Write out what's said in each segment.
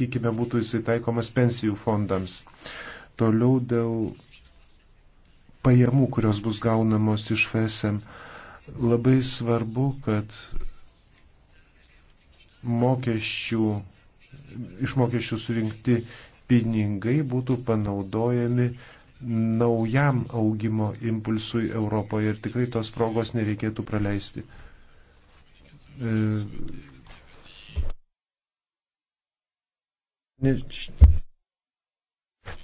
sakykime, būtų jisai taikomas pensijų fondams. Toliau dėl pajamų, kurios bus gaunamos iš FSM. Labai svarbu, kad mokesčių, iš mokesčių surinkti pinigai būtų panaudojami naujam augimo impulsui Europoje ir tikrai tos progos nereikėtų praleisti. E,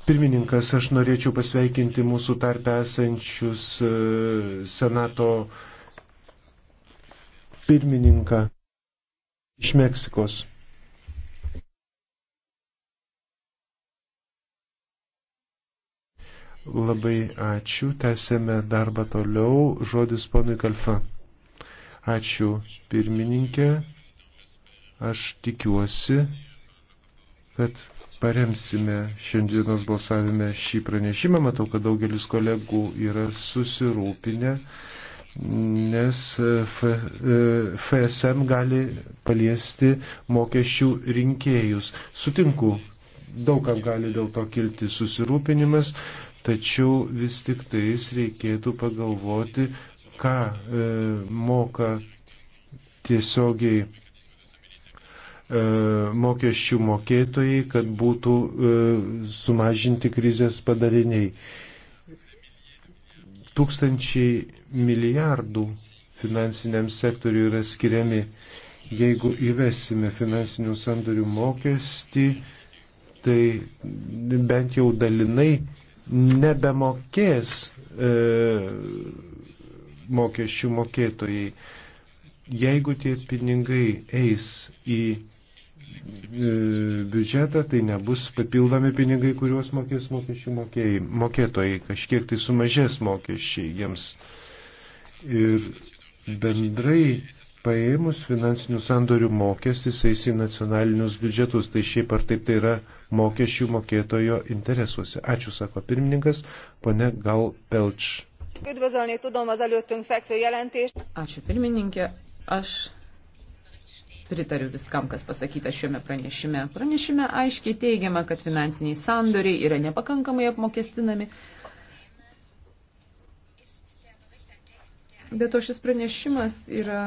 Pirmininkas, aš norėčiau pasveikinti mūsų tarpę esančius e, Senato pirmininką iš Meksikos. Labai ačiū, tęsėme darbą toliau. Žodis ponui Kalfa. Ačiū pirmininkė. Aš tikiuosi, kad paremsime šiandienos balsavime šį pranešimą. Matau, kad daugelis kolegų yra susirūpinę, nes e, FSM e, gali paliesti mokesčių rinkėjus. Sutinku, daugam gali dėl to kilti susirūpinimas, tačiau vis tik tais reikėtų pagalvoti, ką e, moka tiesiogiai E, mokesčių mokėtojai, kad būtų e, sumažinti krizės padariniai. Tūkstančiai milijardų finansiniam sektoriu yra skiriami. Jeigu įvesime finansinių sandorių mokestį, tai bent jau dalinai nebemokės e, mokesčių mokėtojai. Jeigu tie pinigai eis į E, biudžetą, tai nebus papildomi pinigai, kuriuos mokės mokesčių mokėjai, mokėtojai, kažkiek tai sumažės mokesčiai jiems. Ir bendrai paėmus finansinių sandorių mokestis eis į nacionalinius biudžetus, tai šiaip ar taip tai yra mokesčių mokėtojo interesuose. Ačiū, sako pirmininkas, pone Gal Pelč. Ačiū pirmininkė, aš pritariu viskam, kas pasakyta šiame pranešime. Pranešime aiškiai teigiama, kad finansiniai sandoriai yra nepakankamai apmokestinami. Bet o šis pranešimas yra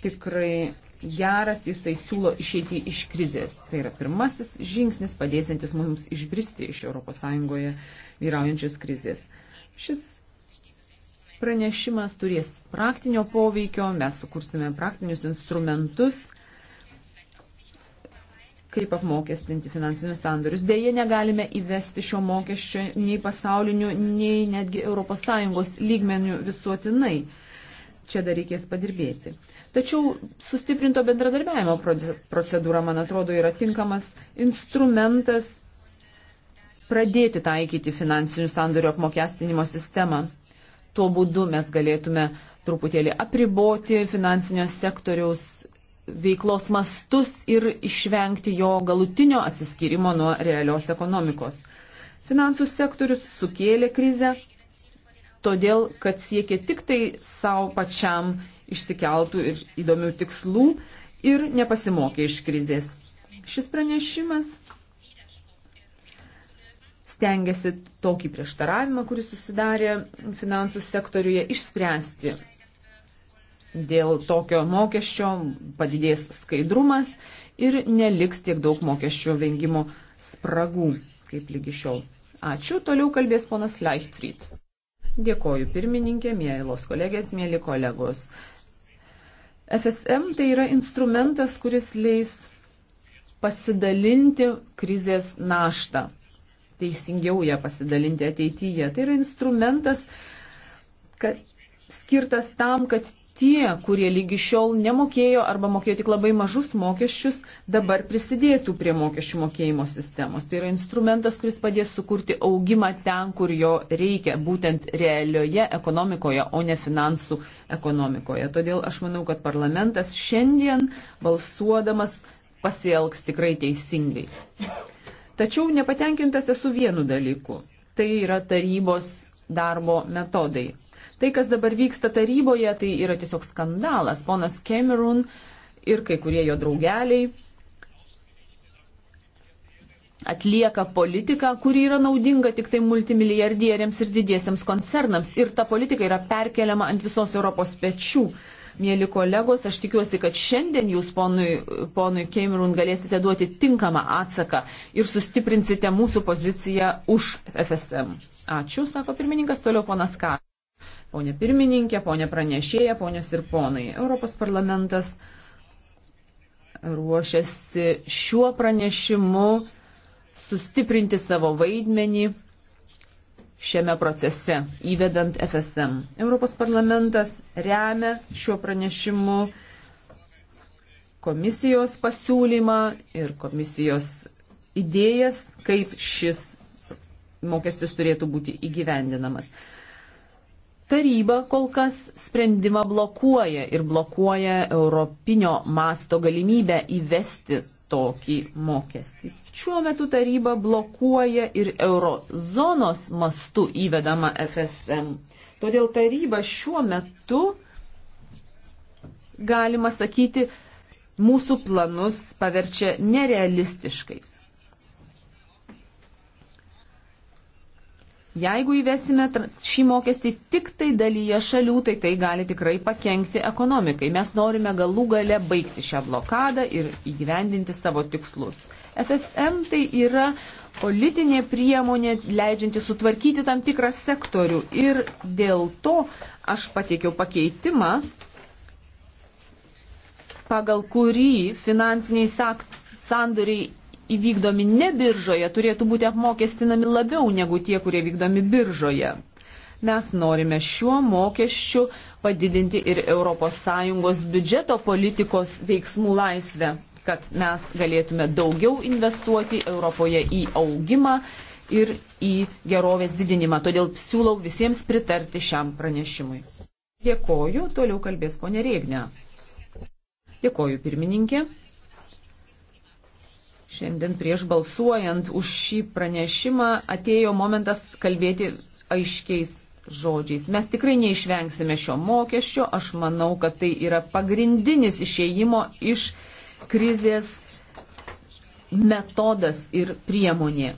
tikrai geras, jisai siūlo išeiti iš krizės. Tai yra pirmasis žingsnis padėsintis mums išbristi iš ES vyraujančios krizės. Šis pranešimas turės praktinio poveikio, mes sukursime praktinius instrumentus, kaip apmokestinti finansinius sandorius. Deja, negalime įvesti šio mokesčio nei pasauliniu, nei netgi ES lygmenių visuotinai. Čia dar reikės padirbėti. Tačiau sustiprinto bendradarbiavimo procedūra, man atrodo, yra tinkamas instrumentas pradėti taikyti finansinių sandorių apmokestinimo sistemą Tuo būdu mes galėtume truputėlį apriboti finansinio sektoriaus veiklos mastus ir išvengti jo galutinio atsiskyrimo nuo realios ekonomikos. Finansų sektorius sukėlė krizę, todėl kad siekė tik tai savo pačiam išsikeltų ir įdomių tikslų ir nepasimokė iš krizės. Šis pranešimas stengiasi tokį prieštaravimą, kuris susidarė finansų sektoriuje, išspręsti. Dėl tokio mokesčio padidės skaidrumas ir neliks tiek daug mokesčio vengimo spragų, kaip lygi šiol. Ačiū, toliau kalbės ponas Leichtfried. Dėkoju pirmininkė, mėlylos kolegės, mėly kolegos. FSM tai yra instrumentas, kuris leis pasidalinti krizės naštą teisingiau ją pasidalinti ateityje. Tai yra instrumentas kad, skirtas tam, kad tie, kurie lygi šiol nemokėjo arba mokėjo tik labai mažus mokesčius, dabar prisidėtų prie mokesčių mokėjimo sistemos. Tai yra instrumentas, kuris padės sukurti augimą ten, kur jo reikia, būtent realioje ekonomikoje, o ne finansų ekonomikoje. Todėl aš manau, kad parlamentas šiandien balsuodamas pasielgs tikrai teisingai. Tačiau nepatenkintas esu vienu dalyku. Tai yra tarybos darbo metodai. Tai, kas dabar vyksta taryboje, tai yra tiesiog skandalas. Ponas Cameron ir kai kurie jo draugeliai atlieka politiką, kuri yra naudinga tik tai multimilijardieriams ir didiesiams koncernams. Ir ta politika yra perkeliama ant visos Europos pečių. Mėly kolegos, aš tikiuosi, kad šiandien jūs ponui, ponui Cameron galėsite duoti tinkamą atsaką ir sustiprinsite mūsų poziciją už FSM. Ačiū, sako pirmininkas, toliau ponas K. Pone pirmininkė, ponė pranešėja, ponios ir ponai, Europos parlamentas ruošiasi šiuo pranešimu sustiprinti savo vaidmenį šiame procese, įvedant FSM. Europos parlamentas remia šiuo pranešimu komisijos pasiūlymą ir komisijos idėjas, kaip šis mokestis turėtų būti įgyvendinamas. Taryba kol kas sprendimą blokuoja ir blokuoja europinio masto galimybę įvesti tokį mokestį. Šiuo metu taryba blokuoja ir eurozonos mastų įvedamą FSM. Todėl taryba šiuo metu, galima sakyti, mūsų planus paverčia nerealistiškais. Jeigu įvesime šį mokestį tik tai dalyje šalių, tai tai gali tikrai pakengti ekonomikai. Mes norime galų gale baigti šią blokadą ir įgyvendinti savo tikslus. FSM tai yra politinė priemonė, leidžianti sutvarkyti tam tikrą sektorių. Ir dėl to aš pateikiau pakeitimą, pagal kurį finansiniai sandoriai įvykdomi ne biržoje, turėtų būti apmokestinami labiau negu tie, kurie vykdomi biržoje. Mes norime šiuo mokesčiu padidinti ir ES biudžeto politikos veiksmų laisvę, kad mes galėtume daugiau investuoti Europoje į augimą ir į gerovės didinimą. Todėl siūlau visiems pritarti šiam pranešimui. Dėkoju, toliau kalbės ponė Rėgnė. Dėkoju, pirmininkė. Šiandien prieš balsuojant už šį pranešimą atėjo momentas kalbėti aiškiais žodžiais. Mes tikrai neišvengsime šio mokesčio. Aš manau, kad tai yra pagrindinis išėjimo iš krizės metodas ir priemonė.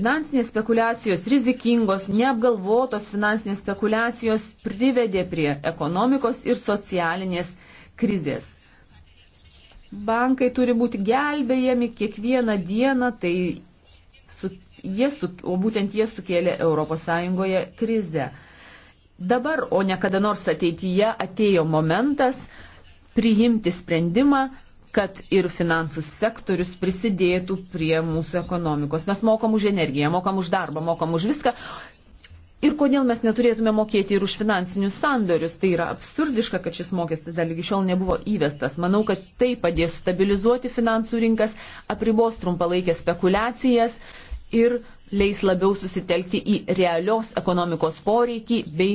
Finansinės spekulacijos, rizikingos, neapgalvotos finansinės spekulacijos privedė prie ekonomikos ir socialinės krizės bankai turi būti gelbėjami kiekvieną dieną, tai su, jie su, o būtent jie sukėlė ES krizę. Dabar, o ne kada nors ateityje, atėjo momentas priimti sprendimą, kad ir finansų sektorius prisidėtų prie mūsų ekonomikos. Mes mokam už energiją, mokam už darbą, mokam už viską Ir kodėl mes neturėtume mokėti ir už finansinius sandorius? Tai yra absurdiška, kad šis mokestis dar iki šiol nebuvo įvestas. Manau, kad tai padės stabilizuoti finansų rinkas, apribos trumpalaikės spekulacijas ir leis labiau susitelkti į realios ekonomikos poreikį bei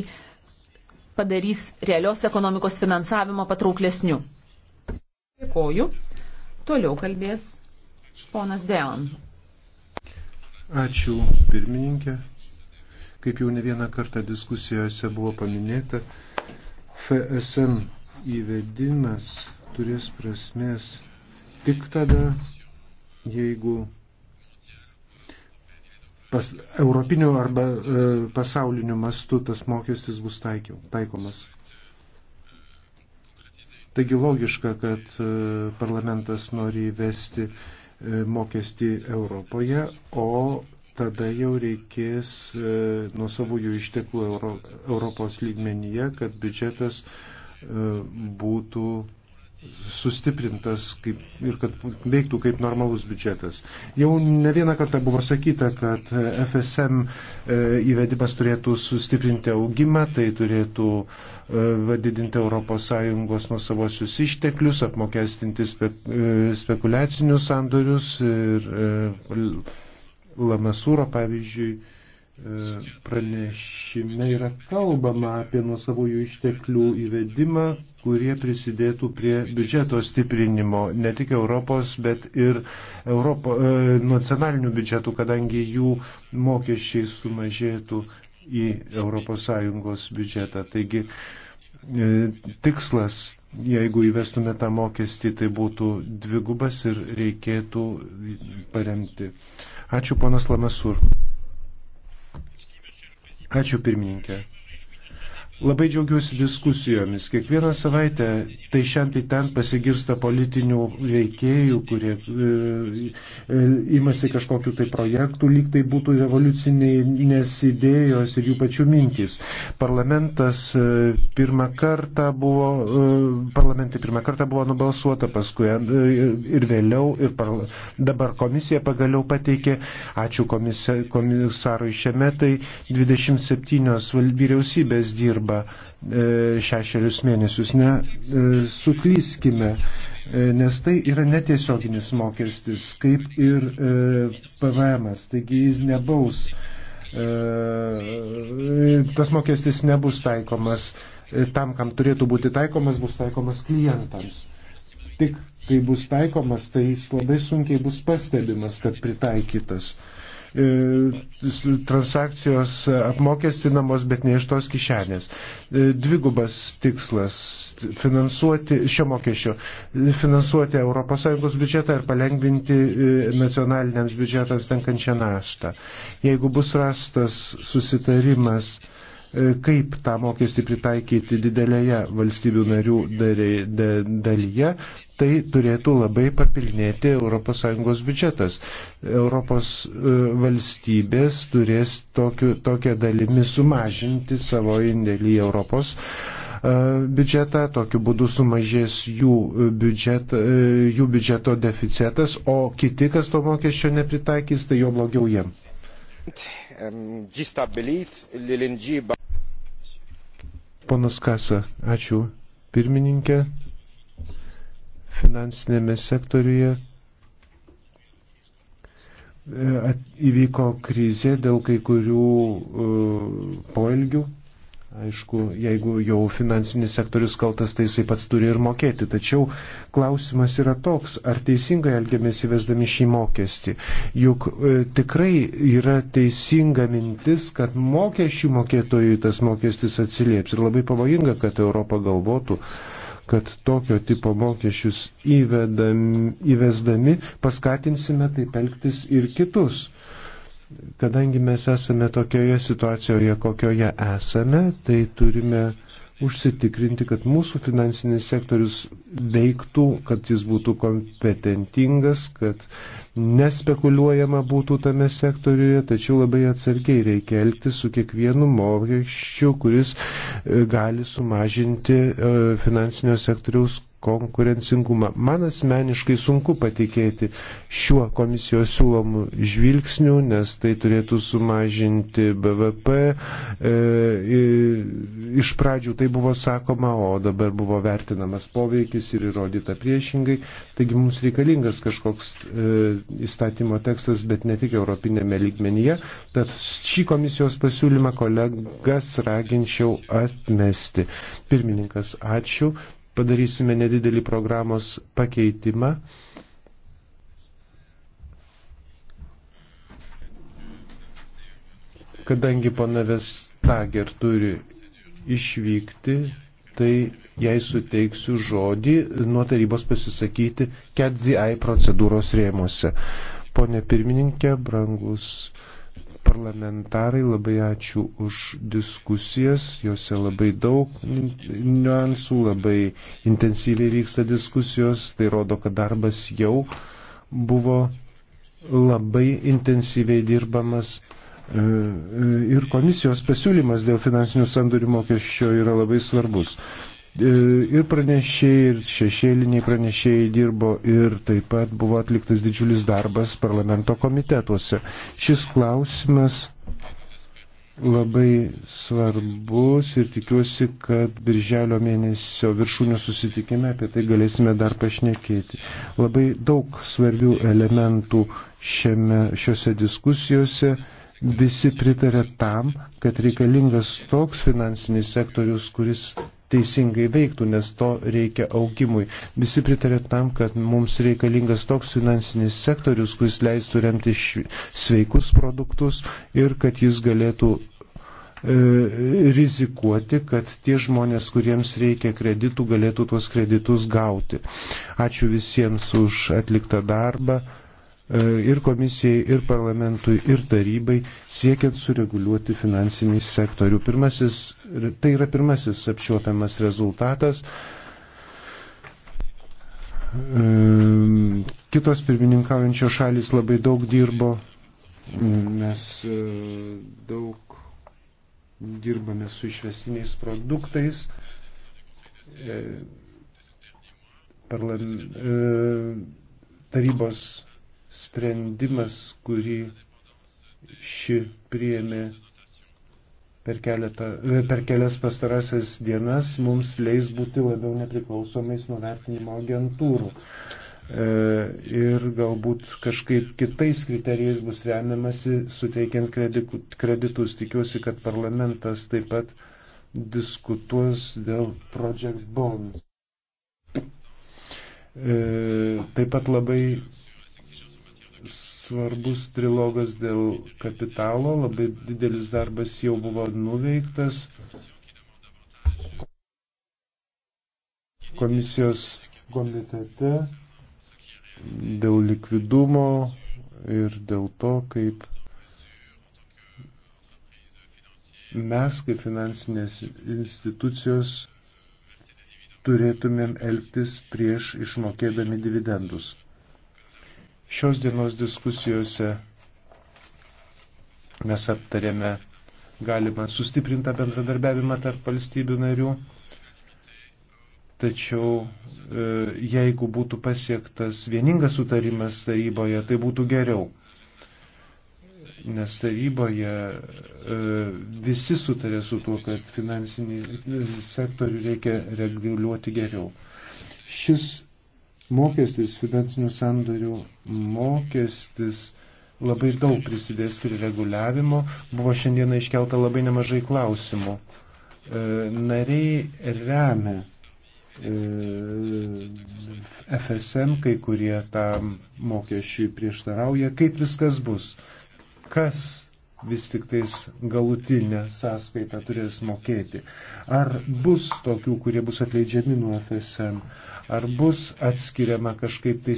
padarys realios ekonomikos finansavimą patrauklesniu. Dėkoju. Toliau kalbės ponas Deon. Ačiū pirmininkė. Kaip jau ne vieną kartą diskusijose buvo paminėta, FSM įvedimas turės prasmės tik tada, jeigu pas, europiniu arba e, pasauliniu mastu tas mokestis bus taikiau, taikomas. Taigi logiška, kad e, parlamentas nori įvesti e, mokestį Europoje, o tada jau reikės e, nuo savųjų išteklų Euro, Europos lygmenyje, kad biudžetas e, būtų sustiprintas kaip, ir kad veiktų kaip normalus biudžetas. Jau ne vieną kartą buvo sakyta, kad FSM e, įvedimas turėtų sustiprinti augimą, tai turėtų vadidinti ES nusavosius išteklius, apmokestinti spe, spekuliacinius sandorius ir Lamasūro, pavyzdžiui, e, pranešime yra kalbama apie nuosavųjų išteklių įvedimą, kurie prisidėtų prie biudžeto stiprinimo ne tik Europos, bet ir Europo, e, nacionalinių biudžetų, kadangi jų mokesčiai sumažėtų į ES biudžetą. Taigi e, tikslas jeigu įvestume tą mokestį, tai būtų dvigubas ir reikėtų paremti. Ačiū, ponas Lamasur. Ačiū, pirmininkė. Labai džiaugiuosi diskusijomis. Kiekvieną savaitę tai šiam tai ten pasigirsta politinių veikėjų, kurie e, e, imasi kažkokiu tai projektų, lyg tai būtų revoliuciniai nesidėjos ir jų pačių mintys. Parlamentas e, pirmą kartą buvo, e, parlamentai pirmą kartą buvo nubalsuota paskui e, ir vėliau, ir parla... dabar komisija pagaliau pateikė, ačiū komisarui šiame, tai 27 vyriausybės dirba dirba e, šešerius mėnesius. Nesuklyskime, e, e, nes tai yra netiesioginis mokestis, kaip ir PVM. -as. Taigi jis nebaus, tas mokestis nebus taikomas tam, kam turėtų būti taikomas, bus taikomas klientams. Tik kai bus taikomas, tai jis labai sunkiai bus pastebimas, kad pritaikytas. Uh, E, transakcijos apmokestinamos, bet ne iš tos kišenės. E, dvigubas tikslas - finansuoti šio mokesčio - finansuoti ES biudžetą ir palengvinti e, nacionaliniams biudžetams tenkančią naštą. Jeigu bus rastas susitarimas, kaip tą mokestį pritaikyti didelėje valstybių narių dalyje, tai turėtų labai papilnėti ES biudžetas. Europos e, valstybės turės tokiu, tokią dalimi sumažinti savo indėlį į Europos e, biudžetą, tokiu būdu sumažės jų, biudžet, e, jų biudžeto deficitas, o kiti, kas to mokesčio nepritaikys, tai jo blogiau jiem. Ehm, Ponas Kasa, ačiū pirmininkė finansinėme sektoriuje e, įvyko krizė dėl kai kurių e, poelgių. Aišku, jeigu jau finansinis sektorius kaltas, tai jisai pats turi ir mokėti. Tačiau klausimas yra toks, ar teisingai elgiamės įvesdami šį mokestį. Juk e, tikrai yra teisinga mintis, kad mokesčių mokėtojui tas mokestis atsilieps. Ir labai pavojinga, kad Europa galvotų, e, kad tokio tipo mokesčius įvedam, įvesdami paskatinsime taip elgtis ir kitus. Kadangi mes esame tokioje situacijoje, kokioje esame, tai turime užsitikrinti, kad mūsų finansinis sektorius veiktų, kad jis būtų kompetentingas, kad nespekuliuojama būtų tame sektoriuje, tačiau labai atsargiai reikia elgtis su kiekvienu mokesčiu, kuris e, gali sumažinti e, finansinio sektoriaus konkurencingumą. Man asmeniškai sunku patikėti šiuo komisijos siūlomu žvilgsniu, nes tai turėtų sumažinti BVP. E, iš pradžių tai buvo sakoma, o dabar buvo vertinamas poveikis ir įrodyta priešingai. Taigi mums reikalingas kažkoks e, įstatymo tekstas, bet ne tik europinėme lygmenyje. Tad šį komisijos pasiūlymą kolegas raginčiau atmesti. Pirmininkas, ačiū padarysime nedidelį programos pakeitimą. Kadangi pana Vestager turi išvykti, tai jai suteiksiu žodį nuo tarybos pasisakyti KEDZI procedūros rėmose. Pone pirmininkė, brangus parlamentarai, labai ačiū už diskusijas, jose labai daug niuansų, labai intensyviai vyksta diskusijos, tai rodo, kad darbas jau buvo labai intensyviai dirbamas. E, e, ir komisijos pasiūlymas dėl finansinių sandorių mokesčio yra labai svarbus. E, ir pranešėjai, ir šešėliniai pranešėjai dirbo ir taip pat buvo atliktas didžiulis darbas parlamento komitetuose. Šis klausimas labai svarbus ir tikiuosi, kad birželio mėnesio viršūnių susitikime apie tai galėsime dar pašnekėti. Labai daug svarbių elementų šiame, šiuose diskusijose visi pritarė tam, kad reikalingas toks finansinis sektorius, kuris teisingai veiktų, nes to reikia augimui. Visi pritarė tam, kad mums reikalingas toks finansinis sektorius, kuris leistų remti sveikus produktus ir kad jis galėtų e, rizikuoti, kad tie žmonės, kuriems reikia kreditų, galėtų tuos kreditus gauti. Ačiū visiems už atliktą darbą. E, ir komisijai, ir parlamentui, ir tarybai, siekiant sureguliuoti finansinį sektorių. Pirmasis, tai yra pirmasis apčiuopiamas rezultatas. E, kitos pirmininkaujančios šalis labai daug dirbo. E, mes daug dirbame su išvestiniais produktais. Parlam, tarybos sprendimas, kurį ši priėmė per, keletą, e, per kelias pastarasias dienas, mums leis būti labiau nepriklausomais nuo vertinimo agentūrų. E, ir galbūt kažkaip kitais kriterijais bus remiamasi, suteikiant kreditus. Tikiuosi, kad parlamentas taip pat diskutuos dėl Project Bonds. E, taip pat labai svarbus trilogas dėl kapitalo, labai didelis darbas jau buvo nuveiktas. Komisijos komitete dėl likvidumo ir dėl to, kaip mes kaip finansinės institucijos turėtumėm elgtis prieš išmokėdami dividendus. Šios dienos diskusijose mes aptarėme galima sustiprintą bendradarbiavimą tarp valstybių narių, tačiau e, jeigu būtų pasiektas vieningas sutarimas taryboje, tai būtų geriau. Nes taryboje e, visi sutarė su tuo, kad finansinį e, sektorių reikia reguliuoti geriau. Šis mokestis, finansinių sandorių mokestis labai daug prisidės prie reguliavimo. Buvo šiandieną iškelta labai nemažai klausimų. E, nariai remia e, FSM, kai kurie tam mokesčiui prieštarauja. Kaip viskas bus? Kas vis tik tais galutinę sąskaitą turės mokėti. Ar bus tokių, kurie bus atleidžiami nuo FSM, Ar bus atskiriama kažkaip tai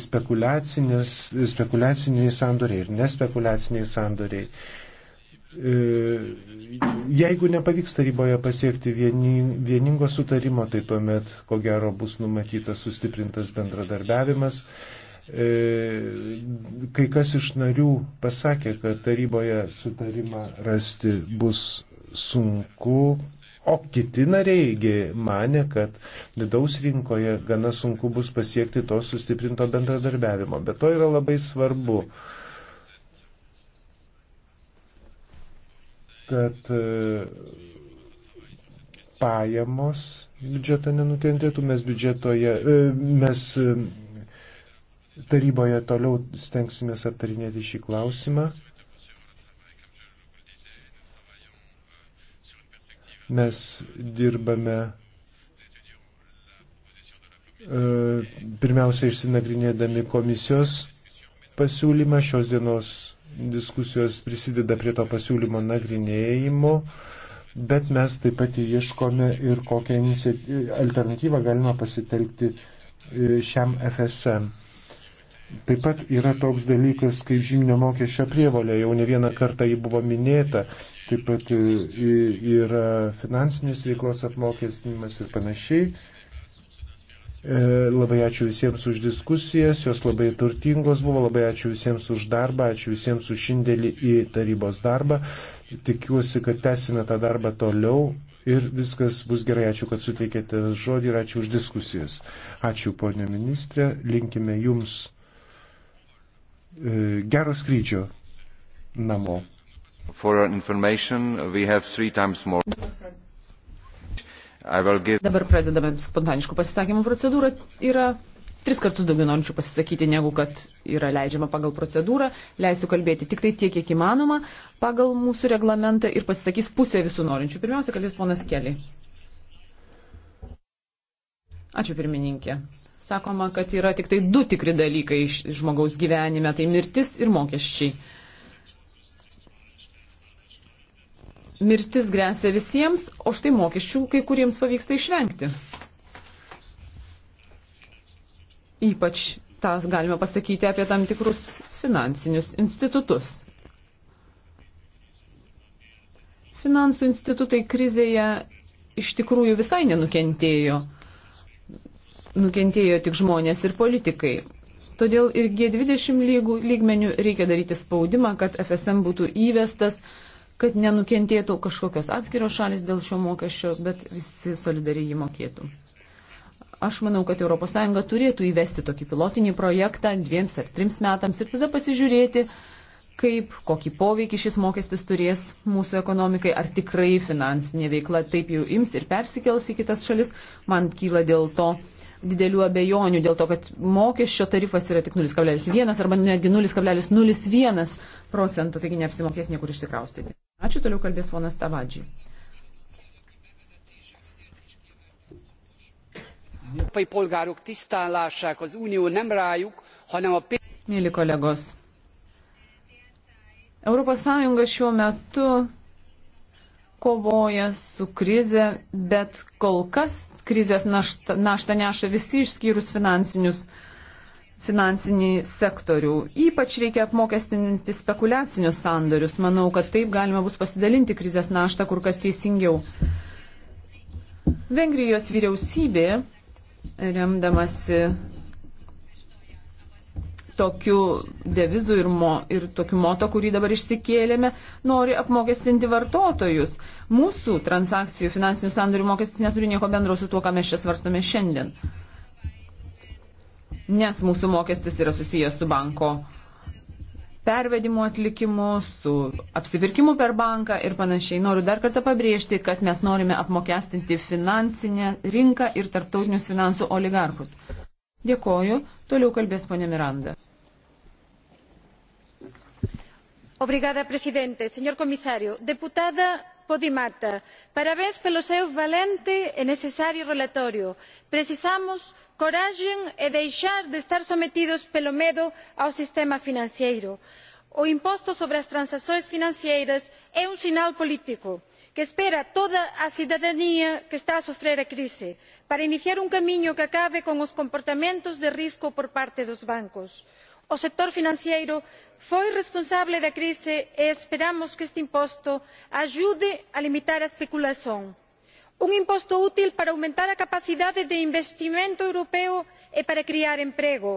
spekuliaciniai sandoriai ir nespekuliaciniai sandoriai? E, jeigu nepavyks taryboje pasiekti vieningo sutarimo, tai tuomet, ko gero, bus numatytas sustiprintas bendradarbiavimas. E, kai kas iš narių pasakė, kad taryboje sutarimą rasti bus sunku, O kiti narėjai mane, kad vidaus rinkoje gana sunku bus pasiekti to sustiprinto bendradarbiavimo. Bet to yra labai svarbu, kad e, pajamos biudžetą nenukentėtų, mes biudžetoje, e, mes e, taryboje toliau stengsimės aptarinėti šį klausimą. Mes dirbame e, pirmiausia išsinagrinėdami komisijos pasiūlymą. Šios dienos diskusijos prisideda prie to pasiūlymo nagrinėjimo, bet mes taip pat ieškome ir kokią alternatyvą galima pasitelkti e, šiam FSM. Taip pat yra toks dalykas, kaip žyminio mokesčio prievolė, jau ne vieną kartą jį buvo minėta, taip pat e, yra finansinės veiklos apmokestinimas ir panašiai. E, labai ačiū visiems už diskusijas, jos labai turtingos buvo, labai ačiū visiems už darbą, ačiū visiems už indėlį į tarybos darbą. Tikiuosi, kad tęsime tą darbą toliau ir viskas bus gerai. Ačiū, kad suteikėte žodį ir ačiū už diskusijas. Ačiū, ponė ministrė, linkime jums E, gero skrydžio namo. Give... Dabar pradedame spontaniškų pasisakymų procedūrą. Yra tris kartus daugiau norinčių pasisakyti, negu kad yra leidžiama pagal procedūrą. Leisiu kalbėti tik tai tiek, kiek įmanoma pagal mūsų reglamentą ir pasisakys pusė visų norinčių. Pirmiausia, kalbės ponas Keli. Ačiū pirmininkė. Sakoma, kad yra tik tai du tikri dalykai iš žmogaus gyvenime - tai mirtis ir mokesčiai. Mirtis grėsia visiems, o štai mokesčių kai kuriems pavyksta išvengti. Ypač tą galime pasakyti apie tam tikrus finansinius institutus. Finansų institutai krizėje iš tikrųjų visai nenukentėjo nukentėjo tik žmonės ir politikai. Todėl ir G20 lygų, lygmenių reikia daryti spaudimą, kad FSM būtų įvestas, kad nenukentėtų kažkokios atskiros šalis dėl šio mokesčio, bet visi solidariai jį mokėtų. Aš manau, kad ES turėtų įvesti tokį pilotinį projektą dviems ar trims metams ir tada pasižiūrėti, kaip, kokį poveikį šis mokestis turės mūsų ekonomikai, ar tikrai finansinė veikla taip jau ims ir persikels į kitas šalis. Man kyla dėl to didelių abejonių dėl to, kad mokesčio tarifas yra tik 0,1 arba netgi 0,01 procentų, taigi neapsimokės niekur išsikraustyti. Ačiū, toliau kalbės ponas Tavadžiai. európai polgárok tisztán lássák az unió nem rájuk hanem a Mėly kolegos, Europos Sąjunga šiuo metu kovoja su krize, bet kol kas krizės naštą, naštą neša visi išskyrus finansinius finansinį sektorių. Ypač reikia apmokestinti spekuliacinius sandorius. Manau, kad taip galima bus pasidalinti krizės naštą kur kas teisingiau. Vengrijos vyriausybė, remdamasi tokiu devizu ir, mo, ir tokiu moto, kurį dabar išsikėlėme, nori apmokestinti vartotojus. Mūsų transakcijų finansinių sandorių mokestis neturi nieko bendro su tuo, ką mes čia svarstome šiandien. Nes mūsų mokestis yra susijęs su banko pervedimų atlikimu, su apsipirkimu per banką ir panašiai. Noriu dar kartą pabrėžti, kad mes norime apmokestinti finansinę rinką ir tarptautinius finansų oligarkus. Dėkoju. Toliau kalbės ponė Miranda. Obrigada, presidente. Senor comisario, deputada Podimata, parabéns pelo seu valente e necesario relatorio. Precisamos coragem e deixar de estar sometidos pelo medo ao sistema financeiro o imposto sobre as transaccións financeiras é un sinal político que espera toda a cidadanía que está a sofrer a crise para iniciar un camiño que acabe con os comportamentos de risco por parte dos bancos. o sector financeiro foi responsable da crise e esperamos que este imposto axude a limitar a especulación un imposto útil para aumentar a capacidade de investimento europeo e para crear emprego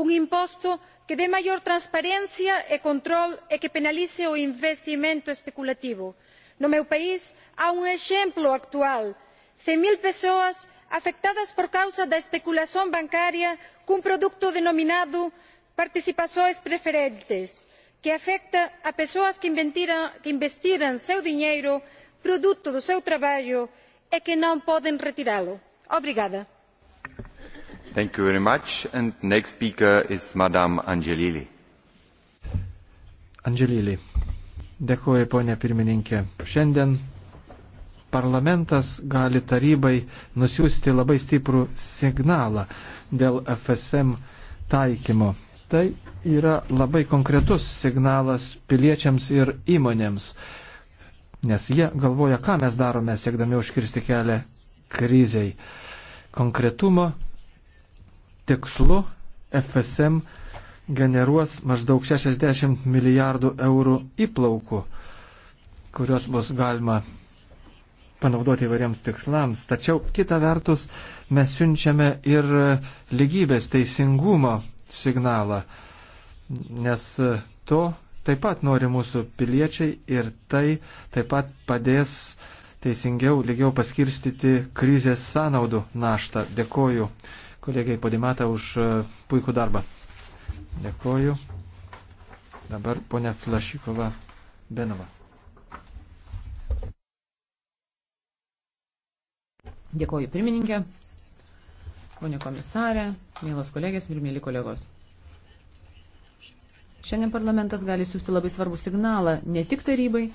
un imposto que dê maior transparencia e control e que penalice o investimento especulativo. no meu país há un exemplo actual cen mil persoas afectadas por causa da especulación bancaria cun produto denominado participações preferentes que afecta a persoas que investiran seu diñeiro produto do seu traballo e que non poden retiralo. obrigada. Thank you very much. And next speaker is Madame Angelili. Angelili. Dėkuoju, ponė pirmininkė. Šiandien parlamentas gali tarybai nusiųsti labai stiprų signalą dėl FSM taikymo. Tai yra labai konkretus signalas piliečiams ir įmonėms, nes jie galvoja, ką mes darome siekdami užkirsti kelią kriziai. Konkretumo tikslu FSM generuos maždaug 60 milijardų eurų įplaukų, kurios bus galima panaudoti įvairiems tikslams. Tačiau kita vertus mes siunčiame ir lygybės teisingumo signalą, nes to taip pat nori mūsų piliečiai ir tai taip pat padės teisingiau, lygiau paskirstyti krizės sąnaudų naštą. Dėkoju kolegai Podimata už e, puikų darbą. Dėkoju. Dabar ponia Flašikova Benova. Dėkoju pirmininkė, ponė komisarė, mielos kolegės ir mėly kolegos. Šiandien parlamentas gali siūsti labai svarbų signalą ne tik tarybai,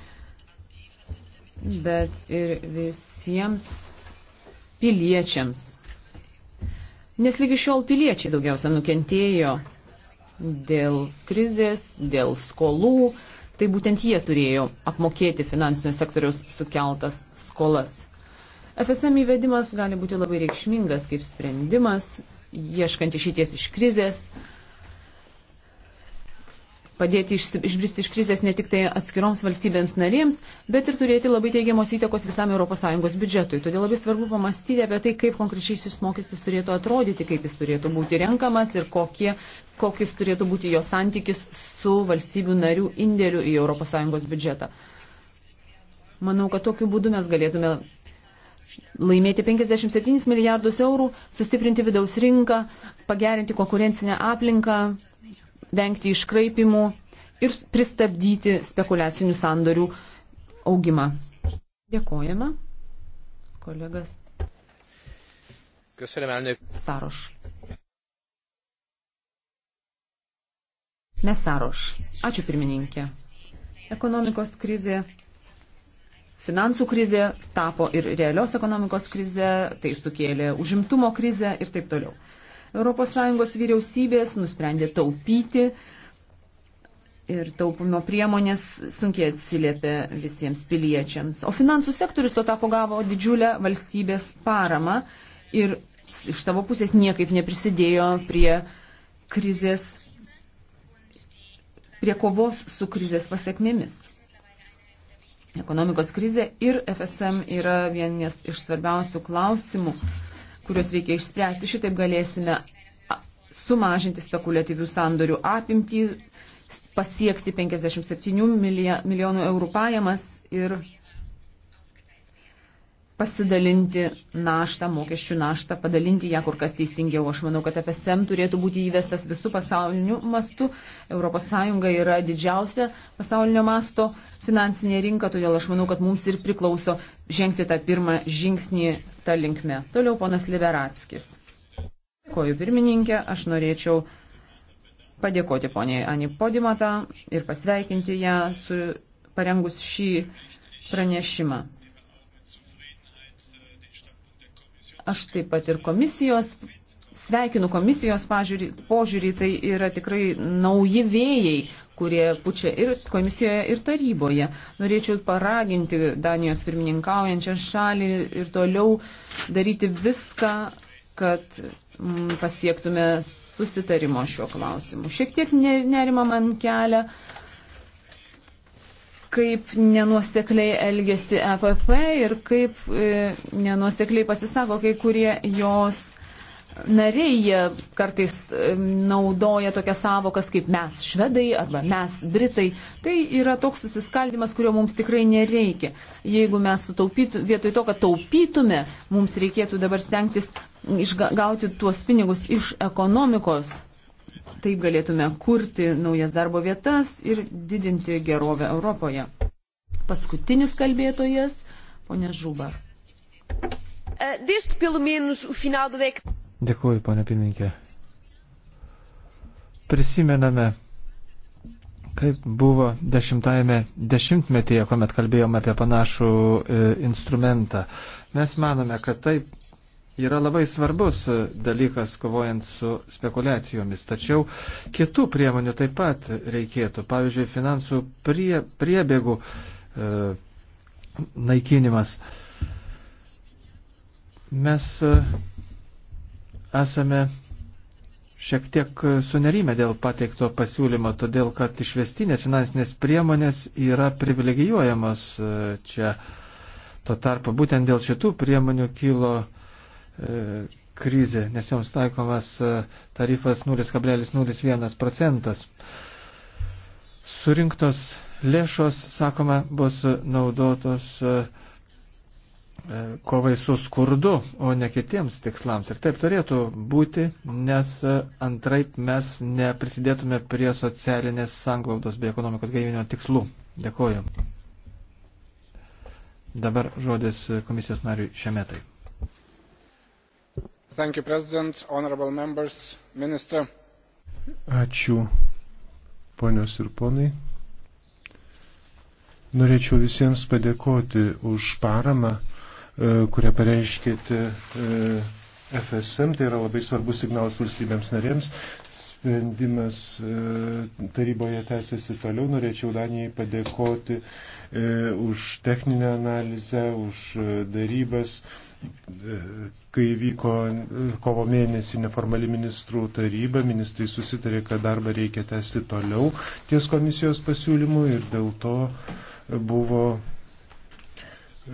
bet ir visiems piliečiams Nes lygi šiol piliečiai daugiausia nukentėjo dėl krizės, dėl skolų. Tai būtent jie turėjo apmokėti finansinio sektoriaus sukeltas skolas. FSM įvedimas gali būti labai reikšmingas kaip sprendimas, ieškant išeities iš krizės, padėti išbristi iš krizės ne tik tai atskiroms valstybėms narėms, bet ir turėti labai teigiamos įtakos visam ES biudžetui. Todėl labai svarbu pamastyti apie tai, kaip konkrečiai šis mokestis turėtų atrodyti, kaip jis turėtų būti renkamas ir kokie, kokis turėtų būti jo santykis su valstybių narių indėliu į ES biudžetą. Manau, kad tokiu būdu mes galėtume laimėti 57 milijardus eurų, sustiprinti vidaus rinką, pagerinti konkurencinę aplinką, vengti iškraipimų ir pristabdyti spekuliacinių sandorių augimą. Dėkojame. Kolegas. Saroš. Mesaroš. Ačiū pirmininkė. Ekonomikos krizė finansų krizė tapo ir realios ekonomikos krize, tai sukėlė užimtumo krizę ir taip toliau. ES vyriausybės nusprendė taupyti ir taupimo priemonės sunkiai atsiliepė visiems piliečiams. O finansų sektorius tuo tapo gavo didžiulę valstybės paramą ir iš savo pusės niekaip neprisidėjo prie krizės, prie kovos su krizės pasiekmėmis. Ekonomikos krizė ir FSM yra vienas iš svarbiausių klausimų, kuriuos reikia išspręsti. Šitaip galėsime sumažinti spekuliatyvių sandorių apimtį, pasiekti 57 milijonų eurų pajamas ir pasidalinti naštą, mokesčių naštą, padalinti ją kur kas teisingiau. Aš manau, kad FSM turėtų būti įvestas visų pasauliniu mastu. ES yra didžiausia pasaulinio masto finansinė rinka, todėl aš manau, kad mums ir priklauso žengti tą pirmą žingsnį tą linkmę. Toliau ponas Liberatskis. Dėkoju pirmininkė, aš norėčiau padėkoti poniai Ani Podimata ir pasveikinti ją su parengus šį pranešimą. Aš taip pat ir komisijos sveikinu komisijos pažiūrį, požiūrį, tai yra tikrai nauji vėjai, kurie pučia ir komisijoje, ir taryboje. Norėčiau paraginti Danijos pirmininkaujančią šalį ir toliau daryti viską, kad mm, pasiektume susitarimo šiuo klausimu. Šiek tiek nerima man kelia, kaip nenuosekliai elgesi EPP ir kaip e, nenuosekliai pasisako kai kurie jos nariai kartais naudoja tokias savokas kaip mes švedai arba mes britai. Tai yra toks susiskaldimas, kurio mums tikrai nereikia. Jeigu mes sutaupytų, vietoj to, kad taupytume, mums reikėtų dabar stengtis išgauti tuos pinigus iš ekonomikos. Taip galėtume kurti naujas darbo vietas ir didinti gerovę Europoje. Paskutinis kalbėtojas, ponė Žuba. Eh, desde pelo menos o final da década Dėkuoju, ponė pirmininkė. Prisimename, kaip buvo dešimtajame dešimtmetyje, kuomet kalbėjome apie panašų e, instrumentą. Mes manome, kad taip yra labai svarbus e, dalykas kovojant su spekulacijomis. Tačiau kitų priemonių taip pat reikėtų. Pavyzdžiui, finansų prie, priebėgų e, naikinimas. Mes e, esame šiek tiek sunerime dėl pateikto pasiūlymo, todėl kad išvestinės finansinės priemonės yra privilegijuojamos e, čia. Tuo tarpu būtent dėl šitų priemonių kilo e, krizė, nes joms taikomas e, tarifas 0,01 procentas. Surinktos lėšos, sakoma, bus naudotos. E, E, kovai su skurdu, o ne kitiems tikslams. Ir taip turėtų būti, nes e, antraip mes neprisidėtume prie socialinės sanglaudos bei ekonomikos gaivinio tikslų. Dėkuoju. Dabar žodis komisijos nariui Šemetai. Thank you, President, honorable members, minister. Ačiū, ponios ir ponai. Norėčiau visiems padėkoti už paramą E, kurią pareiškėte e, FSM, tai yra labai svarbus signalas valstybėms narėms. Sprendimas e, taryboje tęsiasi toliau. Norėčiau Danijai padėkoti už techninę analizę, už darybas. Kai vyko kovo mėnesį neformali ministrų taryba, ministrai susitarė, kad darbą reikia tęsti toliau ties komisijos pasiūlymų ir dėl to buvo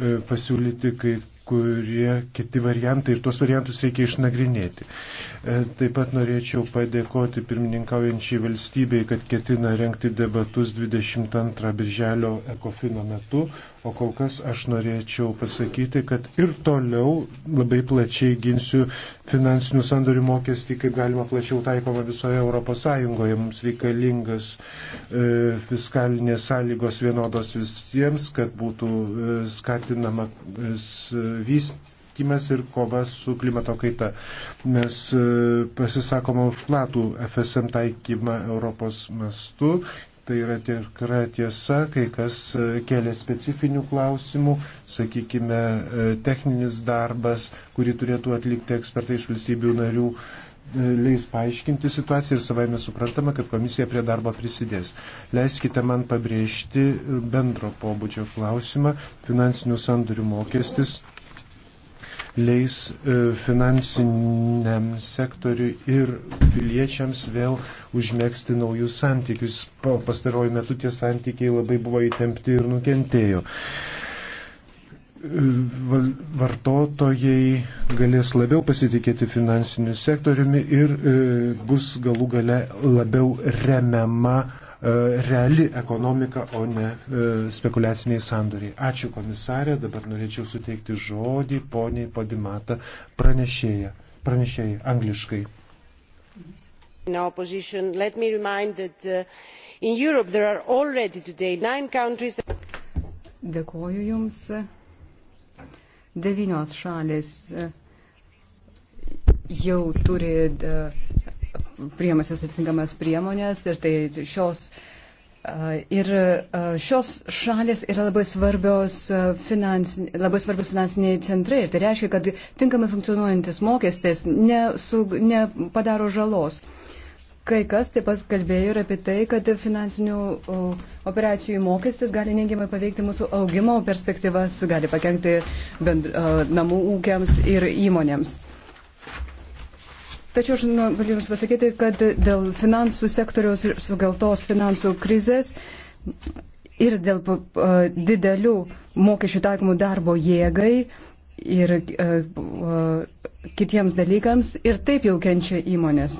E, pasiūlyti kai kurie kiti variantai ir tuos variantus reikia išnagrinėti. E, taip pat norėčiau padėkoti pirmininkaujančiai valstybei, kad ketina renkti debatus 22 birželio ekofino metu, O kol kas aš norėčiau pasakyti, kad ir toliau labai plačiai ginsiu finansinių sandorių mokestį, kaip galima plačiau taikoma visoje Europos Sąjungoje. Mums reikalingas e, fiskalinės sąlygos vienodos visiems, kad būtų e, skatinama e, vystymas ir kova su klimato kaita. Mes e, pasisakoma už platų FSM taikymą Europos mastu Tai yra tikra tiesa, kai kas e, kelia specifinių klausimų, sakykime, e, techninis darbas, kurį turėtų atlikti ekspertai iš valstybių narių, e, leis paaiškinti situaciją ir savai mes suprantame, kad komisija prie darbo prisidės. Leiskite man pabrėžti bendro pobūdžio klausimą - finansinių sandorių mokestis leis e, finansiniam sektoriui ir piliečiams vėl užmėgsti naujus santykius. Pastaruoju metu tie santykiai labai buvo įtempti ir nukentėjo e, vartotojai galės labiau pasitikėti finansiniu sektoriumi ir e, bus galų gale labiau remiama E, reali ekonomika, o ne e, spekuliaciniai sandoriai. Ačiū komisarė, dabar norėčiau suteikti žodį poniai Padimata pranešėja, pranešėjai angliškai. No opposition. Let me remind that uh, in Europe there are already today nine countries. That... Dėkoju Jums. Devynios šalis e, jau turi priemasios atitinkamas priemonės ir tai šios. Ir šios šalės yra labai svarbios, finansiniai, labai svarbios finansiniai centrai ir tai reiškia, kad tinkamai funkcionuojantis mokestis nepadaro ne žalos. Kai kas taip pat kalbėjo ir apie tai, kad finansinių operacijų mokestis gali neigiamai paveikti mūsų augimo perspektyvas, gali pakengti bend, namų ūkiams ir įmonėms. Tačiau aš nu, galiu Jums pasakyti, kad dėl finansų sektoriaus sugeltos finansų krizės ir dėl uh, didelių mokesčių taikomų darbo jėgai ir uh, kitiems dalykams ir taip jau kenčia įmonės.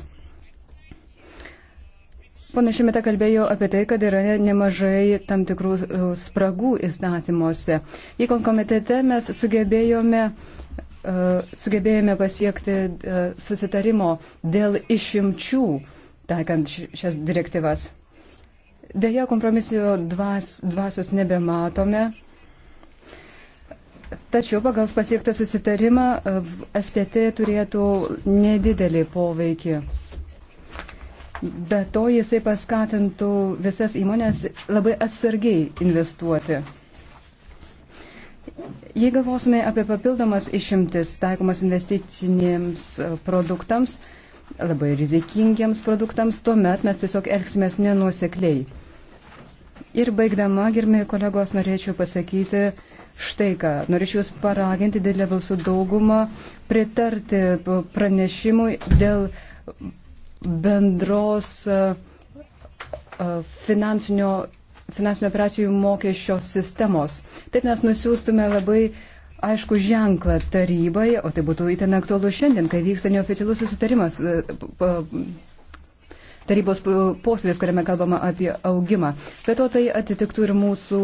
Panašiai metą kalbėjau apie tai, kad yra nemažai tam tikrų e, spragų įstatymuose. Į konkomitete mes sugebėjome uh, E, sugebėjome pasiekti e, susitarimo dėl išimčių taikant šias direktyvas. Deja, kompromisijo dvas, dvasios nebematome. Tačiau pagal pasiektą susitarimą e, FTT turėtų nedidelį poveikį. Be to jisai paskatintų visas įmonės labai atsargiai investuoti. Jei galvosime apie papildomas išimtis taikomas investicinėms e, produktams, labai rizikingiems produktams, tuomet mes tiesiog elgsimės nenuosekliai. Ir baigdama, gerbimi kolegos, norėčiau pasakyti štai ką. Norėčiau Jūs paraginti didelę balsų daugumą pritarti pranešimui dėl bendros e, e, finansinio finansinių operacijų mokesčio sistemos. Taip mes nusiųstume labai aišku ženklą tarybai, o tai būtų įten aktualu šiandien, kai vyksta neoficialus susitarimas e, tarybos posėdis, kuriame kalbama apie augimą. Bet to tai atitiktų ir mūsų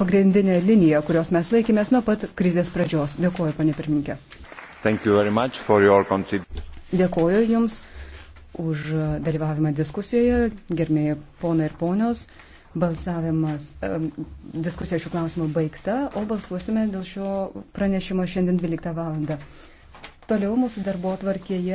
pagrindinę liniją, kurios mes laikėmės nuo pat krizės pradžios. Dėkuoju, panė pirmininkė. Your... Dėkuoju Jums už dalyvavimą diskusijoje, gerbėjai ponai ir ponios. Balsavimas, diskusija šių klausimų baigta, o balsuosime dėl šio pranešimo šiandien 12 val. Toliau mūsų darbo tvarkėje.